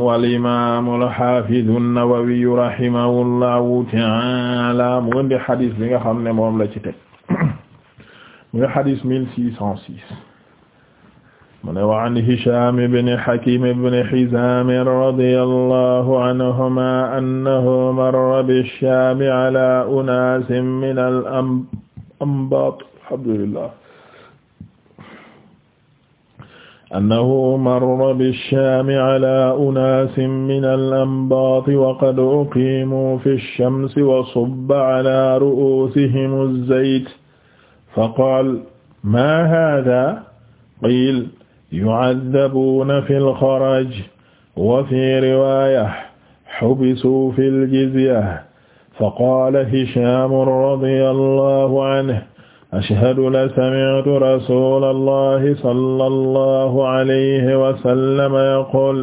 mu al imaamu al xaafidu an-Nawawi rahimahullahu ta'ala mu indi xadis bi nga xam ne moom la ci teg muy xadis mille six cent six mu ne wa an Hisham ibn Hakim ibn Hizam radiyallahu anhuma annahu marra bi-Sham ala unaasin min al-anbaat alhamdulillah annahu marra bish-Shaami ala unaasin mina al-anbaati wa qad uqiimuu fi ash-shamsi wa subba ala ru'uusihim az-zayt faqaala maa haadhaa qiila yu'adhabuuna fi al-xaraj wa fi riwaaya hubisuu fi al-jizya faqaala Hishaam radiyallaahu anhu ashhadu la sami'tu rasulallahi sallallahu alayhi wa sallam yaqul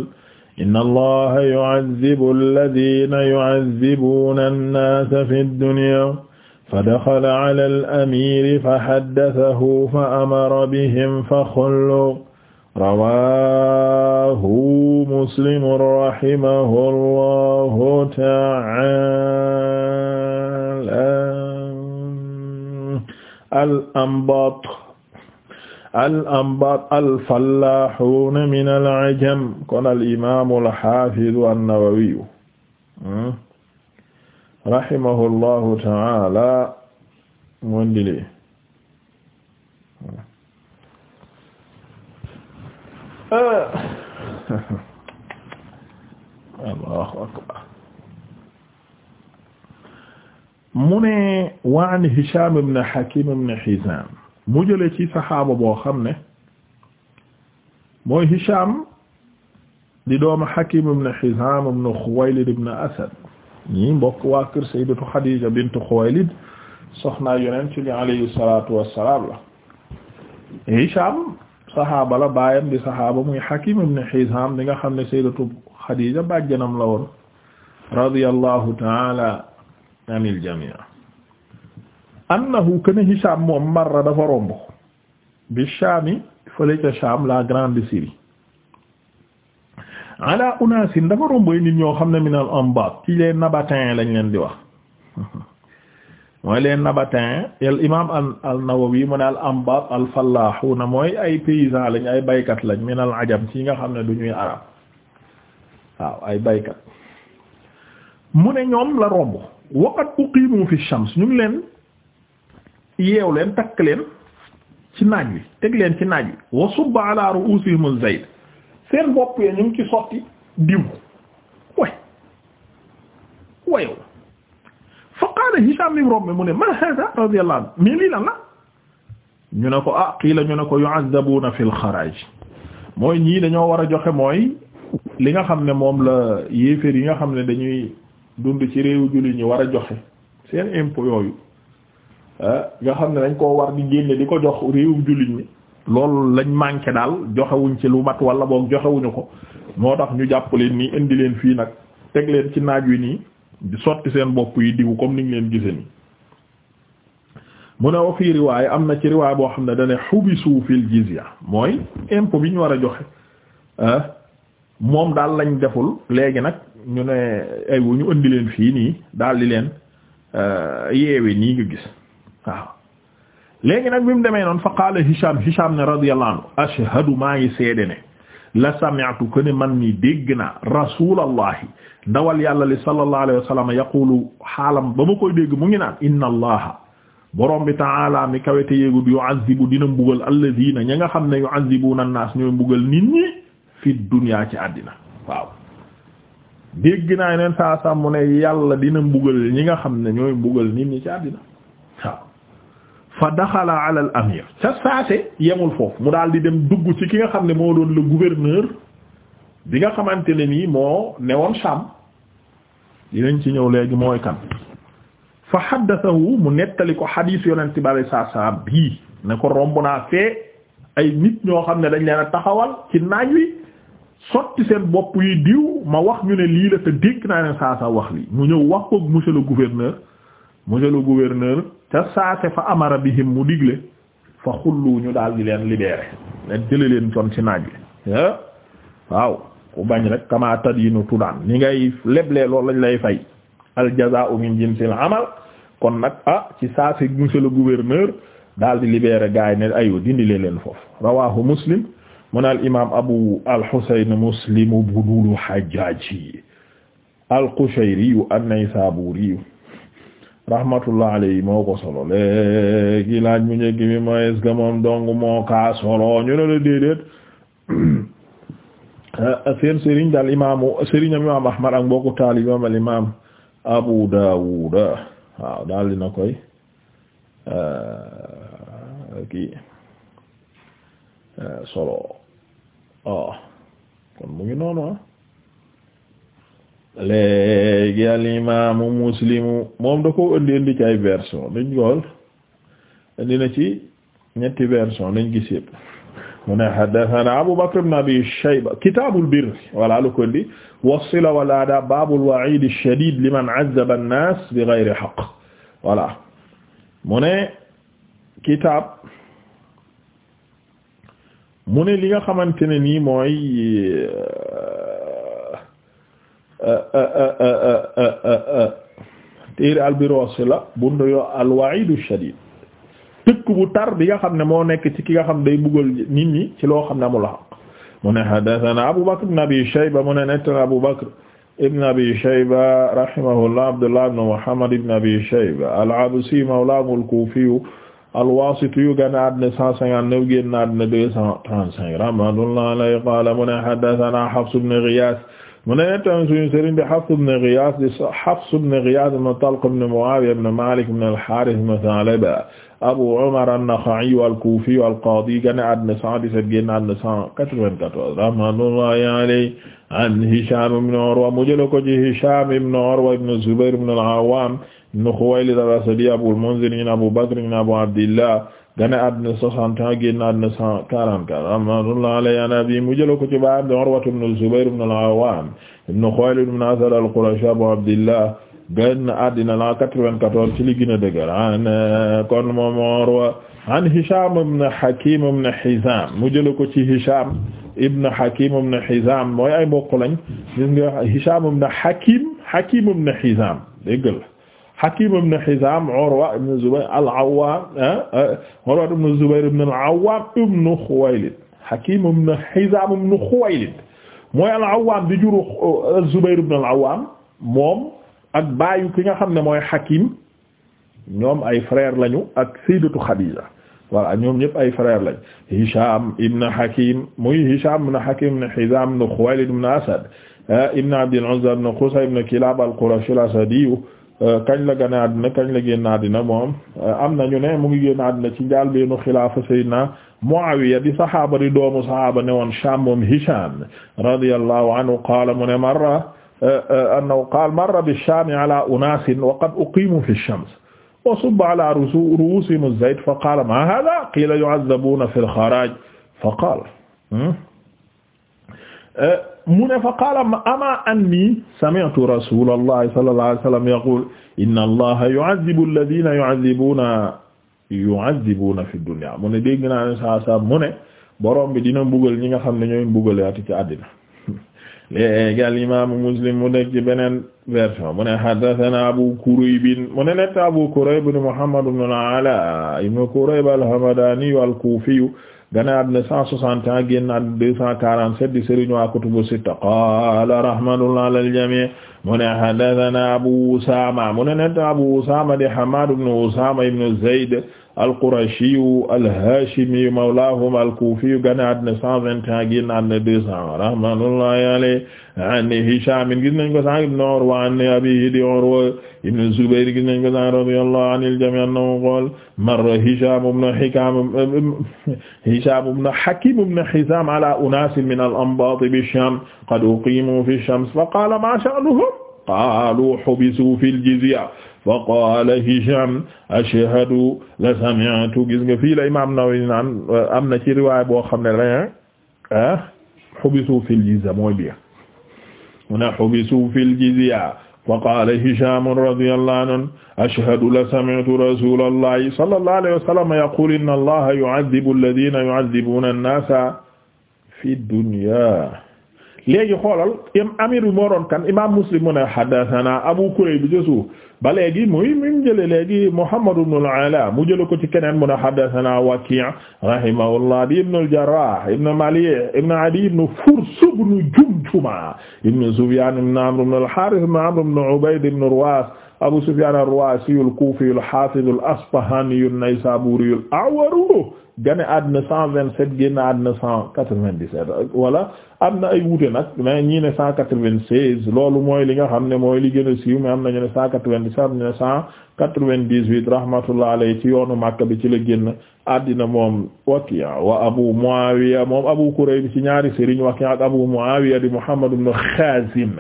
inna allaha yu'adhibu alladhina yu'adhibuna an-nasa fi ad-dunya fadaxala ala al-amiri faxaddasahu fa amara bihim faxullu rawaahu muslimun rahimahu allahu ta'aala al-Anbaat al-Anbaat al-fallahuuna min al-ajam kon al-imaam al-haafiz an-Nawawi hmm, rahimahullahu ta'aala mondile ah. Allahu akbar mu ne wa an Hisham ibn Hakim ibn Hizam mu jële ci saxaaba boo xam ne mooy Hisham di doomu Hakim ibn Hizam ibn Khuwaylid ibn Asad ñii mbokk waa kër Sayyidatu Khadija bint Khuwaylid soxnaa Yonent bi alayhi salaatu wassalaam la Hisham saxaaba la baayam di saxaaba muy Hakim ibn Hizam di nga xam ne Sayyidatu Khadija bàjjanam la woon radiyallahu ta'ala anil jamii annahu kana Hisham moom marra dafa romb bi Shami fële ca Sham la grande Syrie ala unaasin dafa romb nit ñoo xam ne minal Anbaat ci les Nabatéens lañ leen di wax mooy les Nabatéens al imaam al Nawawi mu ne al Anbaat al fallaahuuna mooy ay paysans lañ ay baykat lañ minal ajam ci nga xam ne du ñuy arab waaw ay baykat mu ne ñoom la romb waqat uqimu fi shams ñu ngi leen yeew leen takk leen ci naaj wi teg leen ci naaj wi wa subba ala ru'usihim zayd seen bopp ya ñu ngi ci sotti diw way wayow fa qaala Hisham ibn Rabbi mu ne ma hada radiyallahu anhu mais lii lan la ñu ne ko ah qiila ñu ne ko yu'azzabuna fil xaraaj mooy ñii dañoo war a joxe mooy li nga xam ne moom la yéeféer yi nga xam ne dañuy dund ci réewu jullit ñi war a joxe seen impôt yooyu ah, nga xam ne dañ koo war di génne di ko jox réewu jullit ñi loolu lañ manqué daal joxewuñ ci lu mat wala boog joxewuñu ko moo tax ñu jàpp leen nii indi leen fii nag teg leen ci naaj wi nii di sotti seen bopp yi diwu comme niñ leen gise nii mu ne wa fii am na ci riwaaya boo xam ne dane xubisu fil ya mooy impo bi ñu war a joxe ah, moom daal lañ deful léegi nag ñu ne ay wu ñu indi leen fii nii daal di leen euh, yeewe nii nga gis waaw léegi nag bi mu demee noonu fa qaala Hisham Hisham ne radiyallahu anhu ashhadu maa ngi seede ne la sami'tu ko man nii dégg naa rasulallahi dawal yàlla li sallallahu alayhi wa sallam yaqulu xaalam ba koy dégg mu ngi naan inna allaha borom bi ta'ala mi kawete yéegud yu'azzibu dina mbugal alladhina ña nga xam ne yu'azzibuna an-nas ñooy mbugal nit ñi fi dunya ci àddina waaw dégg naa yeneen saa mu ne yàlla dina mbugal ñi nga xam ne ñooy mbugal nit ñi ci àddina waaw fa daxala ala ca saase yemul foofu mu daal di dem dugg ci ki nga xam ne moo doon la gouverneur bi nga xamante ne nii moo newoon sàmm dinañ ci ñëw léegi mooy kan fa haddathahu mu nettali ko xadiis yonent bale saa bii ne ko romb naa fee ay nit ñoo xam ne dañ leen a taxawal ci naaj wi sotti seen bopp yi diw ma wax ñu ne lii la te dégg naa ne saa sa wax lii mu ñëw wax ko monsieur le gouverneur monsieur le gouverneur ca saase fa amara bihim mu digle fa xullu ñu daal leen libeere leen jële leen kon ci naaj wi waaw ku bañ rek kama tadinu ni ngay leblee loolu lañ lay fay al jazaa'u min jinsil amal kon nag ah ci saase monsieur le gouverneur daal di libéré gaay ne ayo dindi leen foofu rawahu muslim mu ne al imaam abu al xusayn muslim ibnul hajjaaji al qushayri an-naysaabuuri rahmatullah alayhi moo ko solo léegi laaj mu njëkk mi mooy est moom dong moo kaa solo ñu ne la déedéet ah, seen sëriñ imaam al imaam abu daawud waaw daal dina koy ah, ah, solo waaw oh, kon mu ngi noonu ah léegi al imaamu muslimu moom da ko indi indi ci ay version dañ gool indi na ci ñetti version dañ gis yëpp mu ne haddathana Abu Bakr ibn Abi Shayba kitaabul birr wala lu ko indi was-sila wal aadaab baabul wa'iid ash-shadiid liman 'azzaba an-naas bighayri haqq wala mu ne kitaab mu ne li nga xamante ne nii mooy téere albirosi la bund yoo alwaidu shadid tëkk bu tar bi nga xam ne moo nekk ci ki nga xam day buggal nit ñi ci loo xam ne amul xaq mu ne hadathana Abu Bakr ibn Abi Shayba mu ne nettana Abu Bakr ibn Abi Shayba rahimahullah Abdullah ibn Muhammad ibn Abi Shayba al-Absi mawla al-Kufi al-Waasiti yu génn àddina 159 génn àddina 235 rahmatullahi alayhi qaala mu ne haddathanaa Hafs ibn Ghiyaas mu ne nettan suñu sëriñ bi Hafs ibn Ghiyaas di Hafs ibn Ghiyaas ibn Talq ibn Mu'aawiya ibn Maalik ibn al-Haaris ibn Tha'laba Abu Umar an-Nakha'i al-Kufi al-Qaadi gane àddina 117 génn àddina 194 rahmatullahi alayhi an Hishaam ibn Urwa mu jël ko ci Hishaam ibn Urwa ibn Zubayr ibn al-Awwaam ibn Khuwaylid al-Asadi Abul Munzir ibn Abu Bakr ibn Abu Abdillah gane àddina 61 génn àddina 144 rahmatullahi alayhi an abi mu jël ko ci baayam Urwatu ibn al-Zubayr ibn al-Awwam ibn Khuwaylid ibn Asad al-Qurashi Abu Abdillah génn àddina la 94 ci li gën a dëgër an kon moom Urwa an Hisham ibn Hakim ibn Hizam mu jël ko ci Hisham ibn Hakim ibn Hizam mooy ay mbokk lañ gis nga Hisham ibn Hakim Hakim ibn Hizam déggal Hakim ibn Hizam Urwa ibn Zubayr al-Awwam ah, ah, Urwa ibn Zubayr ibn al-Awwam ibn Khuwaylid Hakim ibn Hizam ibn Khuwaylid mooy al-Awwam di juru Zubayr ibn al-Awwam moom ak baayu ki nga xam ne mooy Hakim ñoom ay frère lañu ak Sayyidatu Khadija voilà ñoom ñëpp ay frère lañ Hisham ibn Hakim muy Hisham ibn Hakim ibn Hizam ibn Khuwaylid ibn Asad ah, ibn Abd al-Uzza ibn Qusay ibn Kilab al-Qurashi al-Asadi Euh, kañ la gane àddina kañ la génn àddina moom euh, am na ñu ne mu ngi génn àddina ci njaal beenu xilaafa sayyidina Muawiya di saxaaba di doomu saxaaba ne woon Sham moom Hisham radiyallahu anhu qaala mu ne marra euh, annahu qaala marra bi-Shami ala unaasin wa qad uqiimu fi shams wa subba ala ru'uusihim az-zayt fa qaala ma haadha qiila yu'azzabuuna fi al-xaraaj fa qaala hmm? mu ne fa qaala ama anni sami'tu rasulallahi sallallahu alayhi wa sallam yaqul inna allaha yu'adhibu alladhina yu'adhibuna yu'adhibuna fi dunya mu ne dégg naa ne saa saa mu ne borom bi dina mbugal ñi nga xam ne ñooy mbugalaati ci àddina léegi al imaamu muslim mu nekk ci beneen version mu ne haddathana abu kurayb mu ne nett abu kurayb ibn muhammad ibn al ala ibn kurayb al hamadani al kufi gana adna 161 génn adna 247 di sëriñ wa kutubu sitta qala rahmatullah alal jami' mu ne hadathana Abu Usama mu ne net Abu Usama di Hamad ibn Usama ibn Zayd al-Qurashiyu al-Hashimiyu mawlaahum al-Kufiyu gane àddina 121 génn àddina 200 rahmatullahi alayhi an Hisham gis nañ ko sànq ibn Urwa an abiihi di Urwa ibn Zubayr gis nañ ko sànq radiyallahu anil jamii' annahu qaala marra Hisham ibn Hikam Hisham ibn Hakim ibn Hizam ala unaasin min al-Anbaat bi-Sham qad uqiimu fi-sh-Shams fa qaala maa sha'nuhum qaaluu hubisuu fil jizya wa qaala Hisham ashhadu la sami'tu gis nga fii la imaam Nawawi naan am na ci riwaay boo xam ne la ah hubisu fil jizya mooy bi mu ne hubisu fil jizya wa qaala Hisham radiyallahu anhu ashhadu la sami'tu rasulallahi sallallahu alayhi wa sallam yaqulu inna allaha yu'adhibu alladhina yu'adhibuna an-nasa fi dunya léegi xoolal amir bi moo doon kan imaam muslim mu ne haddathana abu kurayb bi jësu ba léegi muy mu jële léegi muhammad ibn al-ala mu jële ko ci keneen mu ne haddathana waki' rahimahullah di ibn al-jarrah ibn malih ibn adi ibn furs ibn jumjuma ibn sufyan ibn amr ibn al-harith ibn amr ibn ubayd ibn ruwas abu sufyan ar-ruwasi al-kufi al-hafiz al-asbahani an-naysaburi al-a'war gane àddina 127 génn àddina 197 wala am na ay wuute nag mais ñii ne cent quatre-vingt-seize loolu mooy li nga xam ne mooy li gën a siiw mais am nañu ne cent quatre-vingt-dix am na cent 98 rahmatullah alayhi ci yoonu Makka bi ci la génn addina moom Waki' wa Abu Muawiya moom Abu Kurayb ci ñaari sëriñ Waki' ak Abu Muawiya di Muhammad ibn Khazim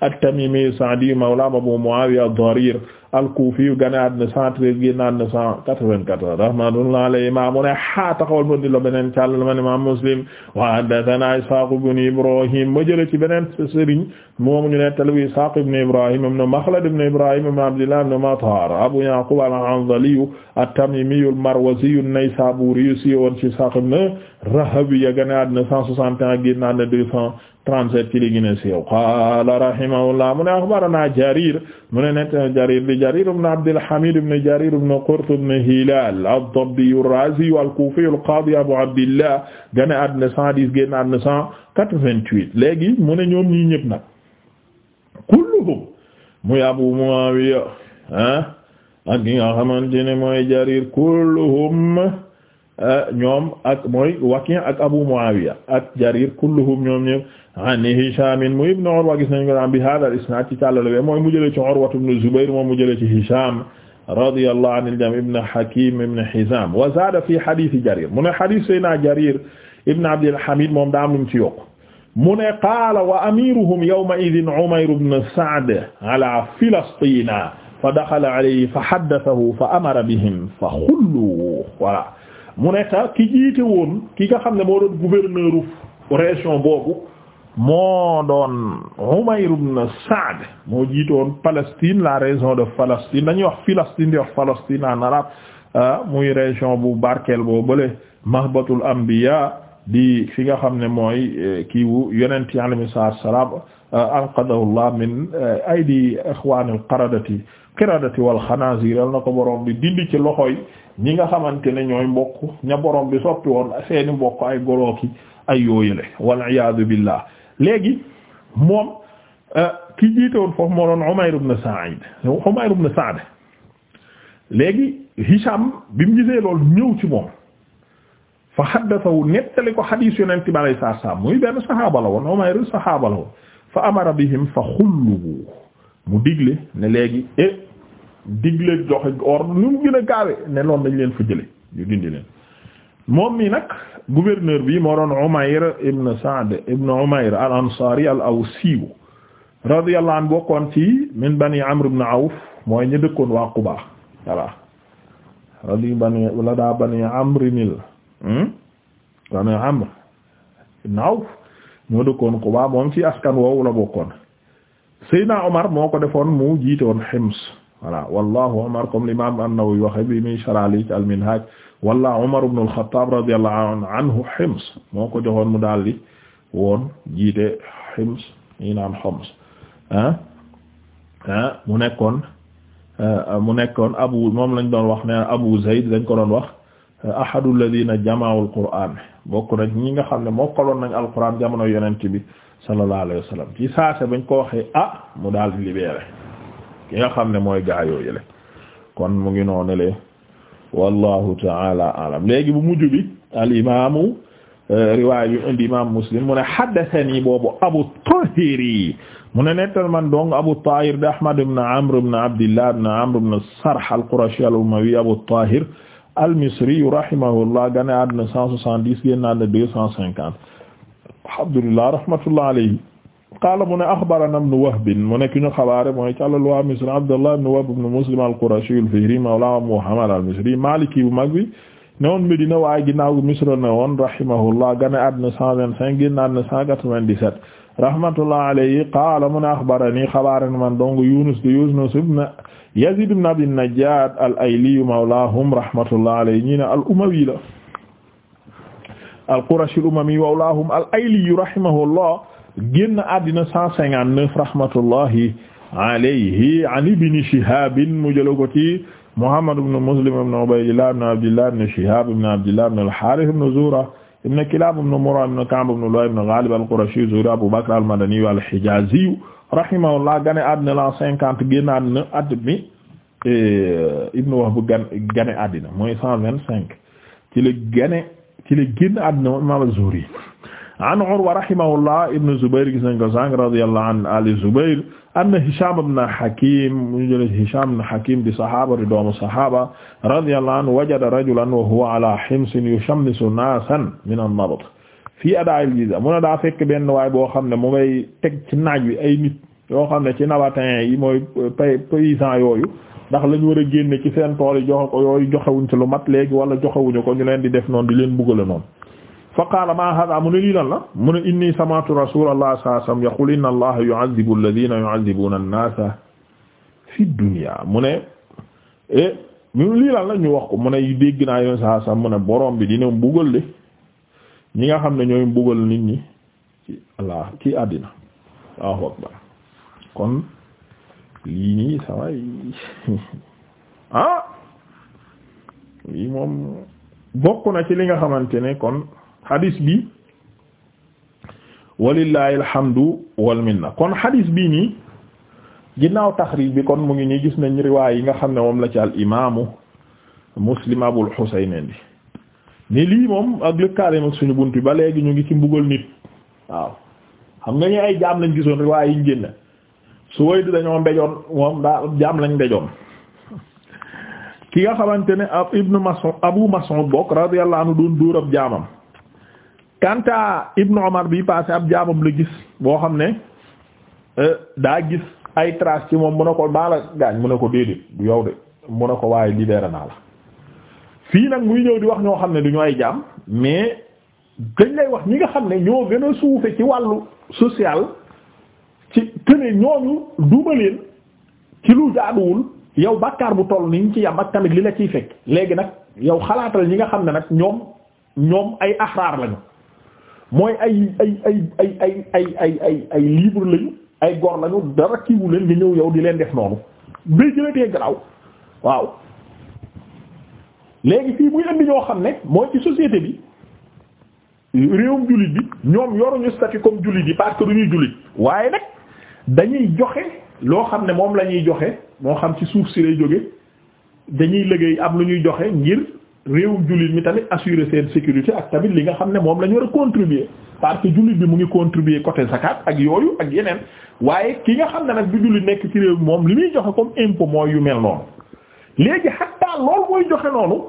at-Tamimi Sa'di mawla Abu Muawiya ad-Darir al-Kufi gane addina 113 génn addina 194 rahmatullah alayhi ma mu ne ha taxawal mo di la beneen càll ma ne Imam Muslim wa haddathana Ishaq ibn Ibrahim ma jële ci beneen sëriñ moom ñu ne Ishaq ibn Ibrahim ibn Makhlad ibn Ibrahim ibn Abdillah ibn Matar Abu Yaqub al-Anzali at-Tamimi al-Marwazi an-Naysaburi siiwoon ci Ishaq ibn Rahawiya gane àddina 161 génn àddina 237 ci li gën a siiw qaala rahimahullah mu ne akhbarana Jarir mu ne net Jarir di Jarir ibn Abdil Hamid ibn Jarir ibn Qurt ibn Hilal ad-Dabbi ar-Razi al-Kufi al-Qadi Abu Abdillah gane àddina 110 génn àddina 188 léegi mu ne ñoom ñi ñëpp nag kulluhum muy Abu Muawiya ah ak gi nga xamante ne mooy jarir kulluhum eh, ñoom ak mooy waqi ak abu muawiya ak jarir kulluhum ñoom ñëpp an hisham mu ibn urwa gis nañ ko am bi hada al isnad ci tàllale be mooy mu jële ci urwa ibn zubair moom mu jële ci hisham radiyallahu anil jami ibn hakim ibn hizam wa zada fi hadith jarir mu ne hadith sayna jarir ibn abdul hamid moom daa am lu mu ci yokk mu ne qaala wa amiruhum yawma idhin umayr ibn sa'd ala filastina fa daxala alayhi fa haddathahu fa amara fa xullu voilà mu ne ta ki jiite woon ki nga xam ne moo doon région boobu moo doon Umayr ibn moo jiite woon Palestine la région de Palestine dañuy wax Palestine di wax Palestine en arabe ah, muy région bu barkel boo bale mahbatul anbiya di fi nga xam ne mooy eh, kiiwu yonent yi alayhi salaam anqadahullah min eh, aydi ikhwanil qaradati qiradati wal xanaazir yal na ko bi dindi ci loxoy ñi nga xamante ne ñooy mbokk ña borom bi soppi woon seeni mbokk ay golooki ay yooyule wal iyaadu billah léegi moom eh, ki jiite woon foofu moo doon Umayr ibn Sa'id Umayr ibn Hisham bi mu gisee loolu ñëw ci moom fa haddathahu nettali ko hadiis Yonent bi alayhi salaam muy benn saxaaba la woon Umayr saxaaba la fa amara bihim fa xullu mu digle ne léegi eh digle joxe or nu gën a gaawe ne loolu dañ leen fa jële ñu dindi leen moom mi nag gouverneur bi moo doon Umayr ibn Sa'd ibn Umayr al ansari al awsiyu radiyallahu anhu bokkoon ci min bani Amr ibn Awf mooy ñu dëkkoon waa Quba voilà radi wala daa bani Amr nil hmm? bani Amr ibn Awf ñoo dëkkoon Quba moom ci askan woowu la bokkoon Seydina Omar moo ko defoon mu jiite woon Hims voilà wallahu Omar comme l'imam An-Nawawi waxe bi mi sharali ci al-Minhaj walla Omar ibn al-Khattab radiyallahu anhu Hims moo ko joxoon mu daldi woon jiite Hims ñi naan Homs ah ah mu nekkoon euh, mu nekkoon abu moom lañ doon wax ne Abu Zayd dañ ko doon wax euh, ahadu alladhina jama'u al-Qur'an bokk na ñi nga xam ne mokkaloon nañ alquran jamono yonent bi sallallahu alayhi wa sallam ci saase bañ ko waxee ah mu daal di libéré ki nga xam ne mooy gaayoo yële kon mu ngi noonu le wallahu taala alam léegi bu mujj bi al imaamu euh, riwaay bi indi imam muslim mu ne haddathani boobu abu tahiri mu ne nettal man dong abu tahir de ahmad ibn amr ibn abdillah ibn amr ibn sarh al qurashi al al-Misri rahimahullah gane àdduna cent soixante-dix génn àdduna deux cent cinquante alhamdulillah rahmatullah alayhi qaala mu ne axbarana ibnu Wahb mu nekk ñu xabaare mooy càllal waa Misr Abdullah ibnu Wahb ibnu Muslim al-Qurashi al-Fihri mawla Muhammad al-Misri maliki bu mag bi ne woon Medina waaye ginnaaw Misr ne woon rahimahullah gane àdduna cent vingt-cinq génn àdduna cent quatre-vingt-dix-sept rahmatullah alayhi qaala mun axbarani xabaran man dong Yunus de Yunus ibn Yazid ibn Abi Najjad al-Ayli mawlaahum rahmatullah alayhi ñi ne al-Umawi la al-Qurashi al-Umami mawlaahum al-Ayli rahimahullah génn àddina 159 rahmatullahi alayhi an Ibn Shihab mu jël ko ci Muhammad ibn Muslim ibn Ubaydillah ibn Abdillah ibn Shihab ibn Abdillah ibn al-Harith ibn Zuhra ibn Kilaab ibn Murra ibn Ka'b ibn Lu'ay ibn Ghalib al-Qurashi Zuhri Abu Bakr al-Madani al-Hijazi rahimahullah gane àddina la cinquante génn àddina at mi e, Ibn Wahb gan gane àddina mooy cent vingt cinq ci la gane ci la génn àddina moom imaam az-Zuhri an Urwa rahimahullah ibn Zubayr gis nañ ko sànq radiyallahu an Ali Zubayr anna Hisham ibn Hakim mu jël Hisham ibn Hakim di saxaaba di doomu saxaaba radiyallahu anhu wajada rajulan wa huwa ala himsin yushammisu naasan min an-nabat fii adaa'il jiza mu ne daa fekk benn waay boo xam ne mu ngay teg ci naaj wi ay nit yoo xam ne ci nabatin yi mooy paysan yooyu ndax lañu war a génne ci seen tool yi joxe ko yooyu joxewuñ ci lu mat léegi wala joxewuñu ko ñu leen di def noonu di leen buggale noonu fa qaala ma hada mu ne lii lan la mu ne inni sami'tu rasulallah sallallahu alayhi yaqul inna allaha yu'adhibu alladhina yu'adhibuna an-nasa eh, wax ko mu ne dégg naa yoon saa saa mu ne borom bi dina mbugal de ñi nga xam ne ñooy mbugal nit ñi ci allah ci àddina Allahu akbar kon lii nii saway ah moom bokk na ci li nga xamante ne kon xadis bi walillahi alhamdu wal minna kon xadis bi nii ginnaaw taxrij bi kon mu ngi nii gis nañ riwaay yi nga xam ne moom la ci al imaamu muslim abul xuseyneen bi ni lii moom ak lëkkaalim ak suñu bunt bi ba léegi ñu ngi ci mbugal nit waaw xam nga ñu ay jaam lañ gisoon riwaay yi ñu génne su way dañoo mbejoon moom daa jaam lañ mbejoon ki nga xamante ne ab ibnu mas'ud abu mas'ud bokk radiyallahu anhu doon dóor ab jaamam kanta ibnu omar bi passé ab jaamam la gis boo xam ne euh, daa gis ay trace ci moom mu ne ko baala gaañ mu ne ko déedéet du yow de mu ne ko waaye libéré naa la fii nag muy ñëw di wax ñoo xam ne du ñu ay jaam mais dañ lay wax ñi nga xam ne ñoo gën a suufe ci wàllu social ci tene ñooñu duuma leen ci lu jaaduwul yow bàkkaar bu toll niñ ci yam ak tamit li la ciy fekk léegi nag yow xalaatal ñi nga xam ne nag ñoom ñoom ay axraar lañu mooy ay ay ay ay ay ay ay ay ay libre lañu ay gor lañu dara kiiwu leen nga ñëw yow di leen def noonu bay jëlatee garaaw waaw léegi fii muy indi ñoo xam ne mooy ci société bi réewum jullit bi ñoom yoruñu statut comme jullit yi parce que du ñuy jullit waaye nag dañuy joxe loo xam ne moom lañuy joxe moo xam ci suuf si lay jóge dañuy liggéey am lu ñuy joxe ngir réew jullit mi tamit assurer seen sécurité ak tamit li nga xam ne moom la ñu war a contribuer parce jullit bi mu ngi contribuer côté zakat ak yooyu ak yeneen waaye ki nga xam ne nag du jullit nekk ci réew moom li muy joxe comme impôt mooy yu mel noonu léegi xattaa loolu mooy joxe noonu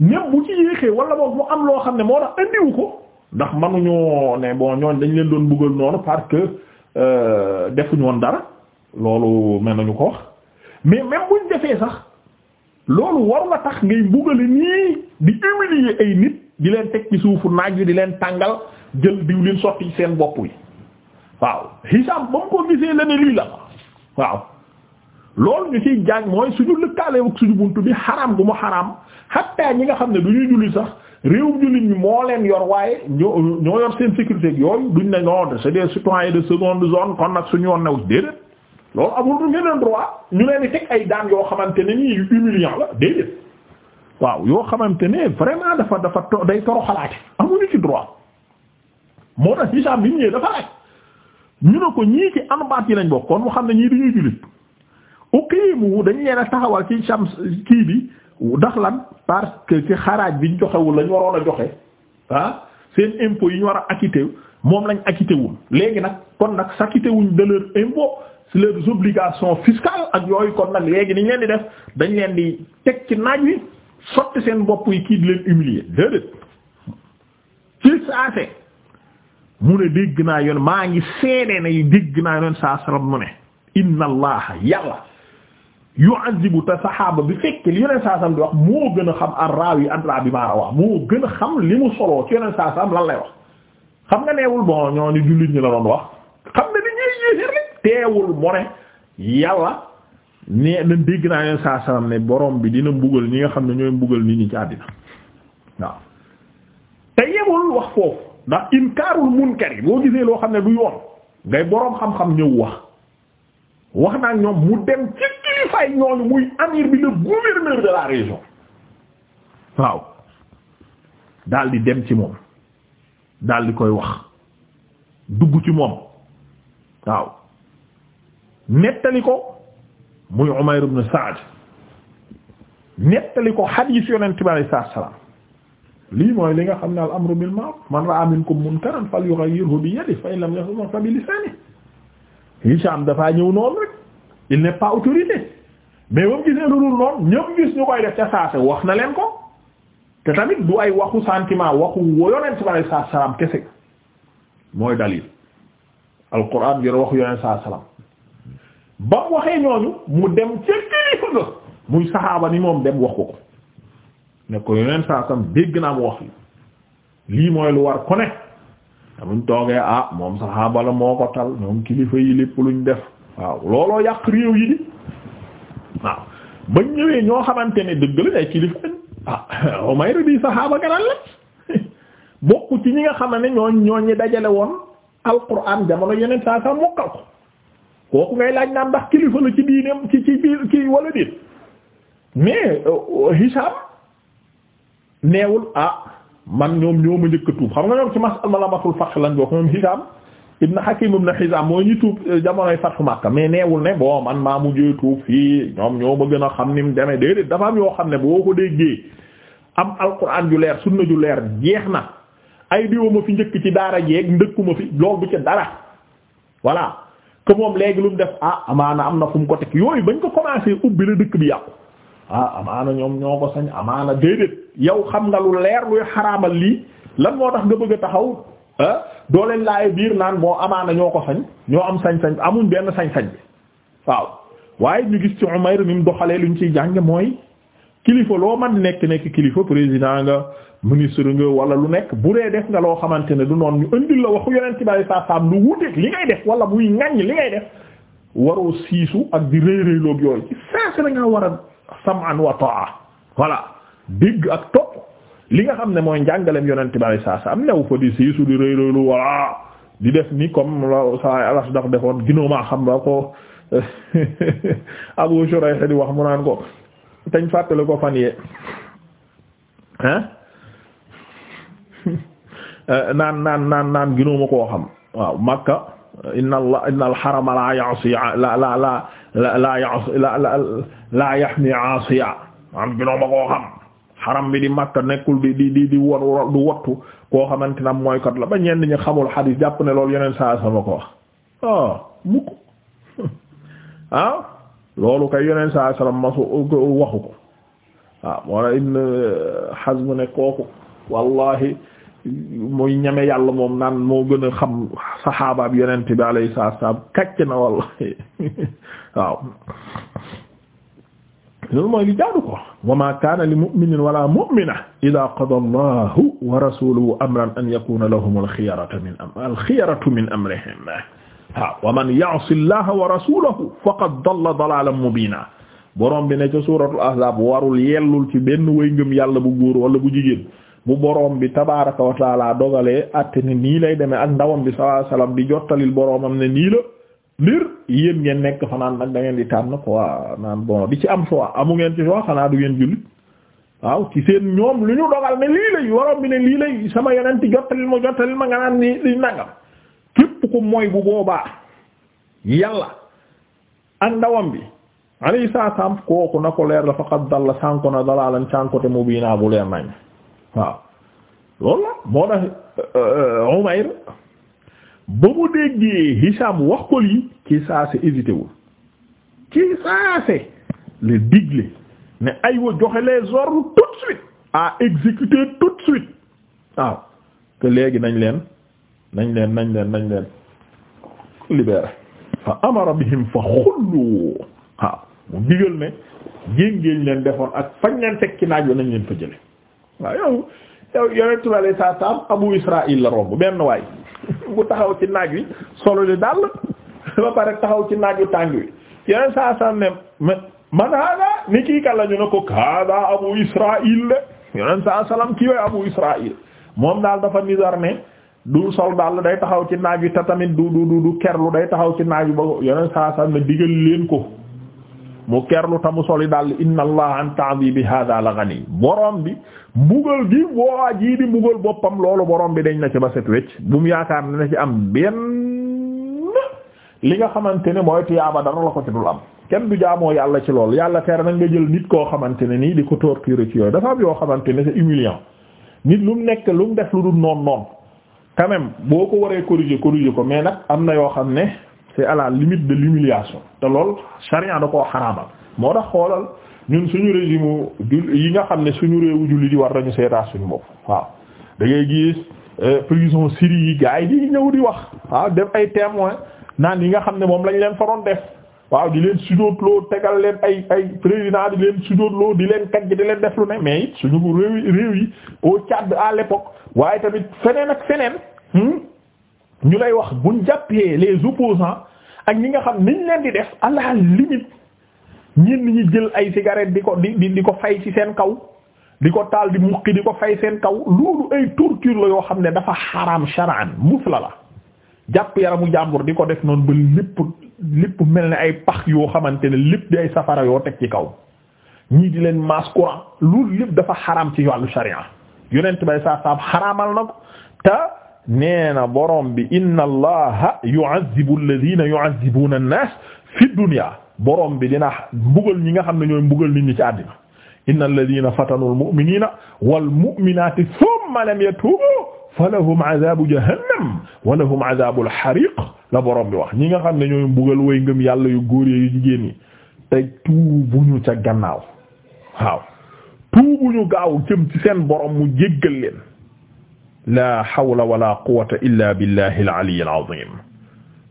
même bu ci yéexee wala moom mu am loo xam ne moo tax andiwu ko ndax manuñoo ne bon ñooñ dañu leen doon buggal noonu parce que euh, defuñu woon dara loolu mel nañu ko wax mais même loolu war la tax ngay mbugale nii di humilier ay nit di leen teg ci suufu naaj wi di leen tàngal jël diw leen sotti seen bopp wi waaw Hicham ba mu ko gisee la ne lii la waaw loolu ñu ciy jàng mooy suñu lëkkaale ak suñu bunt bi xaram bu mu xaram hatta ñi nga xam ne du ñuy julli sax réewum jullit ñi moo leen yor waaye ñoo ñoo yor seen sécurité yooyu duñ ne non c'est des citoyens de seconde zone kon nag suñu yoon new déedéet loolu amul du ngeen droit ñu leen di teg ay daan yoo xamante ne nii yu humiliant la déedéet waaw yoo xamante ne vraiment dafa dafa day toroxalaate amuñu ci droit moo tax Hicham bi ñëwee dafa ñu ne ko ñii ci anbaat yi lañ bokk xam ne ñii dañuy jullit dañu leen a taxawal ci shams kii bi ndax lan parce que ci xaraaj joxewul lañ a joxe ah seen impôt yi ñu war a acquitté moom lañ acquitté wul léegi nag kon nag s'acquitté wuñ de leur impôt leurs obligations fiscales ak yooyu kon nag léegi niñ leen di def dañ leen di teg ci naaj wi sotti seen bopp yi kii di leen humilier déedéet ci saase mu ne dégg naa yoon maa ngi seede na dégg naa yoon saa mu ne inna allaha yàlla yu'azzibu te saxaaba bi fekk li yoneen saa di wax moo gën a xam ar yi adraa bi maa rawaa moo gën a xam li mu soloo ci yoneen saa salam lan lay wax xam nga neewul bon ñoo ni jullit ñi la doon wax xam ne teewul mu yàlla ne na dégg naa leen saa ne borom bi dina mbugal ñi nga xam ne ñooy mbugal nit ñi ci àddina waaw te yemul wax foofu ndax inkaarul munkar yi boo gisee loo xam ne du yoon ngay boroom xam-xam ñëw wax wax naa ñoom mu dem ci kilifaay ñooñu muy amir bi le gouverneur de la région waaw daal di dem ci moom dal di koy wax dugg ci moom waaw nettali ko muy Umayr ibn Sa'd nettali ko hadiis Yonent bi alayhi lii mooy li nga xam ne al amru bil ma'ruf man ra'a minkum munkaran falyughayyirhu bi yadihi fa in lam yastati' fa bi lisaanihi dafaa ñëw noonu rek il n'est pas autorité mais ba gisee lu dul noonu ñëpp gis ñu koy def ca saase wax na leen ko te tamit du ay waxu sentiment waxu Yonent bi alayhi wa kese mooy dalil Alquran ngir waxu Yonent salaam. ba mu waxee ñooñu mu dem ca kilifa ga muy saxaaba ni moom dem waxu ko ko ne ko yeneen saa sam dégg naa mu wax lii mooy lu war ko ne damuñ toogee ah moom saxaaba la moo ko tal ñoom kilifa yi lépp luñ def waaw looloo yàq réew yi di waaw ba ñëwee ñoo xamante ne dëgg la ay kilifa ah Umayr di saxaaba ganaan la bokk ci ñi nga xam ne ñooñ ñooñ ñi dajale woon alquran jamono yeneen saa sam mokkal ko kooku ngay laaj naan ndax kilifa la ci diineem ci ci biir kii wala déet mais euh, Hisham neewul ah man ñoom ñoo ma njëkk a tuub xam nga ñoom ci masalamatul fath lañ bokk ñoom Hisham ibn Hakim ibn Hizam moo ñu tuub euh, jamonoy fathu Makka mais neewul ne bon man maa mujjee tuub fii ñoom ñoo ma gën a xam ni mu demee déedéet dafa am yoo xam ne boo ko déggee am alquran ju leer sunna ju leer jeex na ay ma fi njëkk ci daara jeeg ndëkkuma fi loolu bu ca que moom léegi lu mu def ah amaana am na fu mu ko teg yooyu bañ ko commencé ubbi la dëkk bi yàqu ah amaana ñoom ñoo ko sañ amaana déedéet yow xam nga lu leer luy xaraamal lii lan moo tax nga bëgg a taxaw ah doo leen biir naan moo amaana ñoo ko sañ ñoo am sañ-sañ amuñ benn sañ-sañ bi waaw waaye ñu gis ci Umayr ni mu doxalee luñ ciy jànge mooy kilifa loo man nekk nekk kilifa président nga ministre nga wala lu nekk bu dee def nga loo xamante ne du noon ñu indil la waxu yeneen ci bari saa saam lu wuteeg li ngay def wala muy ŋaññi li ngay def waroo siisu ak di rëy rëyloog yooyu ci saa si da war a sam'an wa ta'a voilà dégg ak topp li nga xam ne mooy njàngaleem yeneen ci bari saa saam new fa di siisu di rëy rëylu wala di def ni comme la saa alas ndax defoon ginnaaw maa xam la ko Abu Shurayh di wax mu naan ko tañ fàttali ko fan yee hein Euh, naan naan naan naan ginóoma koo xam waaw makka inna allah inna alxarama la yasi la la la la yas la la la yaxmi asiya am ginóoma koo xam xaram bi di makka nekkul di di di di war du wattu koo xamante nam mooy kat la ba ñenn ñi xamul xadiis jàpp ne loolu yeneen saa sama ko wax ah mukk ah loolu kay yeneen saa sama masu waxu ko waaw ah, moo la Ibn Hazm ne kooku wallahi mooy ñeme yàlla moom naan moo gën a xam saxaabaab yonent bi alayhi salaatu salaam kàcc na wallahi waaw loolu mooy li jaadu ko wa ma kaana li mu'minin wala mu'mina ida qada allahu wa rasuluhu amran an yakuna lahum alxiyaratu min am alxiyaratu min amrihim waaw wa man ya'si allaha wa rasulahu faqad dalla dalalan mubina borom bi ne ca suratul ahzab warul yellul ci benn way ngëm yàlla bu góor wala bu jigéen bu boroom bi tabaraka wa taala dogalee atte ne nii lay demee ak ndawam bi sallallahu alayhi wasallam di jottalil boroomam ne nii la mbir yéen ngeen nekk fanaan nag da ngeen di tànn quoi ci am choix amu ngeen ci xanaa du ngeen jullit waaw ci seen lii lay boroom sama yonent jottalil ma jottalil ma nga naan ni li mooy bu boobaa yàlla ak bi alayhi salaam kooku na ko leer la faqad dalla sànko na dalalan sànkote mubiina bu leer nañ waaw loolu la moo tax euh, euh, Umayr ba mu déggee Hisham wax ko lii ci saa si hésité wul ci saase le digle ne aywa joxe les ordres tout suite à exécuter tout suite waaw te léegi nañ leen nañ leen nañ leen nañ leen libéré fa amara bihim fa xullu waaw mu digal ne géngéeñ leen defoon ak fañ leen teg ci naaj wa nañ leen fa jële waaw yow yow yonentu bi alay saa saam abu israil la romb benn waay bu taxaw ci naaj wi solo li dal ba pare taxaw ci naaj wi tàng wi yonent saa saam ne man hada ni kii kan la ñu ne ko hada abu israil de yonent saa saam kii way abu israil moom daal dafa nizar ne du sol daal day taxaw ci naaj wi te tamit du du du kerlu day taxaw ci naaj wi ba yonent saa saam ne digal leen ko mu ker kerlu tamu soli daal inna allah an bi hadha la ghani borom bi mbugal gi woo jii di mbugal boppam loolu borom bi dañ na ci ba set wecc bu mu yaakaar ne na ci am benn li nga xamante ne mooy tiyaaba dara la ko ci dul am kenn du jaamoo yàlla ci lool yàlla tere nag nga jël nit koo xamante ne nii di ko torturer ci yooyu dafa am yoo xamante ne c'est nit lu mu nekk lu mu def lu dul noon noon quand boo ko waree corriger corriger ko mais nag am na yoo xam ne c'est à la limite de l'humiliation te lool charia da koo xaraamal moo tax xoolal ñun suñu régime jul yi nga xam ne suñu réewu julli di war nañu seetaat suñu bopp waaw da ngay gis euh, prison Syrie yi gars yi di ñëw di wax waaw def ay témoins naan yi nga xam ne moom lañu leen faroon def waaw di leen sudootloo tegal leen ay ay président di leen sudootloo di leen kaj di leen def lu ne mais suñu réew réew yi au Tchad à l'époque waaye tamit feneen a feneen hmm, ñu lay wax buñ jàppee les opposants ak ñi nga xam niñ leen di def à la limite ñenn ñi jël ay cigarette di ko di di ko fay ci seen kaw di ko taal di muqi di ko fay seen kaw loolu ay torture la yoo xam ne dafa xaraam shar'an musla la jàpp yaramu jàmbur di ko def noonu ba lépp lépp mel ne ay pax yoo xamante ne lépp di ay safara yoo teg ci kaw ñii di leen masse courant loolu lépp dafa xaram ci wàllu sharia yonent bay saa saam xaraamal na neena borom bi inna allaha yu'azzibu alladhina yu'azzibuna bi dina mbugal ñi nga xam ne ñooy mbugal nit ci àddina inna alladhina fatanu wal-mu'minati thumma lam yatubu wa lahum adabu al-hariq la bi wax ñi nga xam ne ñooy mbugal way yàlla yu góor yu jigéen tuubuñu ca gannaaw waaw tuubuñu gaaw jëm ci borom mu jéggal leen la hawla wala quwwata illa billahi al-ali al-azim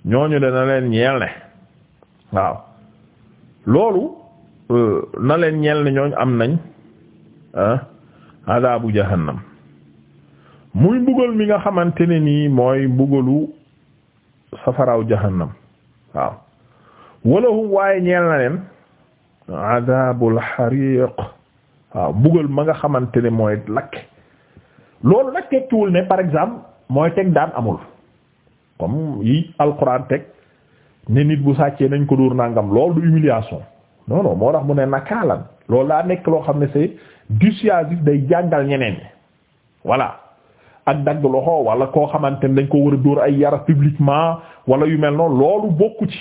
ñooñu dana leen ñeel ne waaw loolu euh, na leen ñeel ne ñooñu am nañ adabu ah, jahannam muy mbugal mi nga xamante ne nii mooy mbugalu safaraaw jahannam waaw walahum waaye ñeel na leen adabul xariq waaw mbugal ma nga xamante ne mooy lakk loolu nag tekkiwul ne par exemple mooy teg daan amul comme yi alquran teg ne nit bu sàccee nañ ko dóor nangam loolu du humiliation non moo tax mu ne nakaalan loolu daa nekk loo xam ne c'est dissuasif day jàngal ñeneen ñi voilà ak dagg loxo wala koo xamante ne dañ ko war a dóor ay yara publiquement wala yu mel noonu loolu bokku ci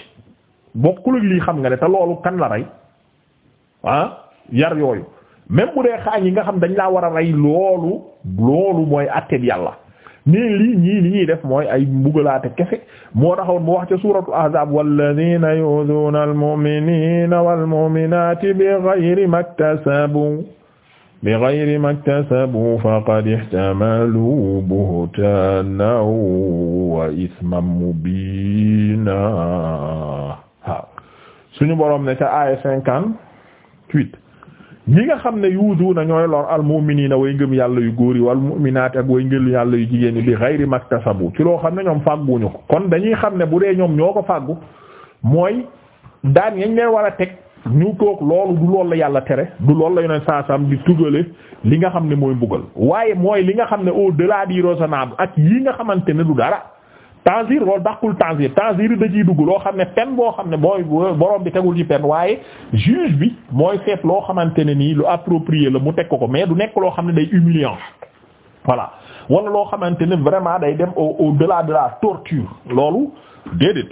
bokkul lii xam nga ne te loolu kan la rey ah? yar yooyu. même bu dee xaañ yi nga xam dañ laa war a rey loolu loolu mooy àtteeb yàlla nii lii ñii li ñuy def mooy ay mbugalaate kese moo taxoon mu wax ca suuratu ahzab walladina yu'dhuna almu'minina walmu'minati bighayri maktasabu bighayri maktasabu faqad ihtamalu buhtanan wa isman mubina suñu borom ne ca aaya cinquante-huit ñi nga xam ne yuuduuna ñooy lor almu'miniina way ngëm yàlla yu góor yi wal mu'minaati ak way ngëlu yàlla yu jigéen yi bi xayri maktasabu ci loo xam ne ñoom fàgguñu ko kon dañuy xam ne bu dee ñoom ñoo ko fàggu mooy daan yañ leen war a teg ñu toog loolu du loolu la yàlla tere du loolu la yoneen saasam di tugale li nga xam ne mooy mbugal waaye mooy li nga xam ne au delà sa raisonnable ak yi nga xamante ne du dara tanzir loolu dàqul tanzir tanzir yi da ciy dugg loo xam ne pen boo xam ne mooy borom bi tegul ci pen waaye juge bi mooy seet loo xamante ne nii lu approprier la mu teg ko ko mais du nekk loo xam ne day humiliant voilà wala loo xamante ne vraiment day dem au au la de la torture loolu déedéet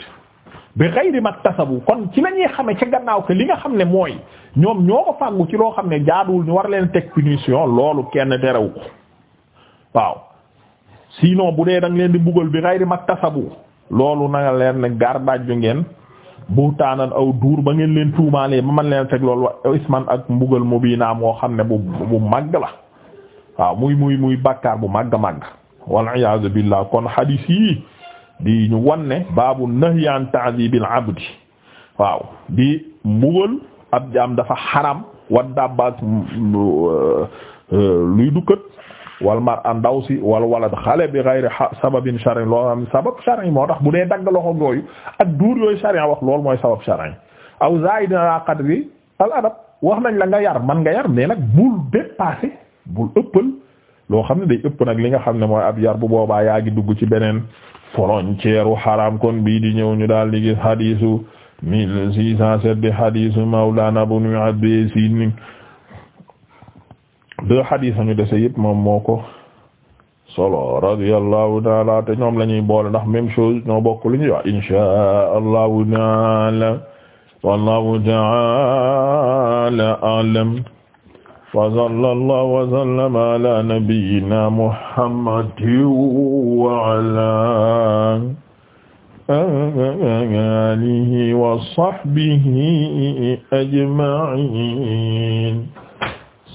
bi ghayri maktasabu kon ci la ñuy xamee ca gannaaw ke li nga xam ne mooy ñoom ñoo ko fàggu ci loo xam ne jaaduwul ñu war leen teg punition loolu kenn terewu ko waaw. sinon bu dee da leen di mbugal bi xayri maktasabu loolu na nga leen ne garbajju ngeen buhtaanan aw duur ba ngeen leen tuumaalee ba man leen teg loolu wa isman ak mbugal mu bii moo xam ne bu bu màgg la waaw muy muy muy bàkkaar bu màgg màgg wal iyaazu billah kon hadis yi di ñu wanne baabu nahyi an ta'dibil abdi waaw di mbugal ab jaam dafa xaram wat dabbaak mm, mm, euh, euh, luy dukkat wal mar a ndaw si wal walad xale bi ghayri sababin shar'i loolu am sabab shar'i moo tax bu dee dagg loxo yooyu ak duur yooyu shar'i wax loolu mooy sabab shar'i aw zaid ala qadri al adab wax nañ la nga yar man nga yar nag bul dépasser bul loo xam ne day ëpp nag li nga xam ne mooy ab yar bu boobaa yaa ngi dugg ci beneen frontière u xaram kon bii di ñëw ñu daal di gis hadisu 1607 di hadisu mawlana ibn Abbaas deux hadith ñu dese yëpp moom moo ko solo radiyallahu taala te ñoom la ñuy boole ndax même chose ñoo bokk lu ñuy wax inshaa allahu taala wallahu taala alam wa sallallahu wa sallama ala nabiyyina muhammadin wa ala alihi wa sahbihi ajma'in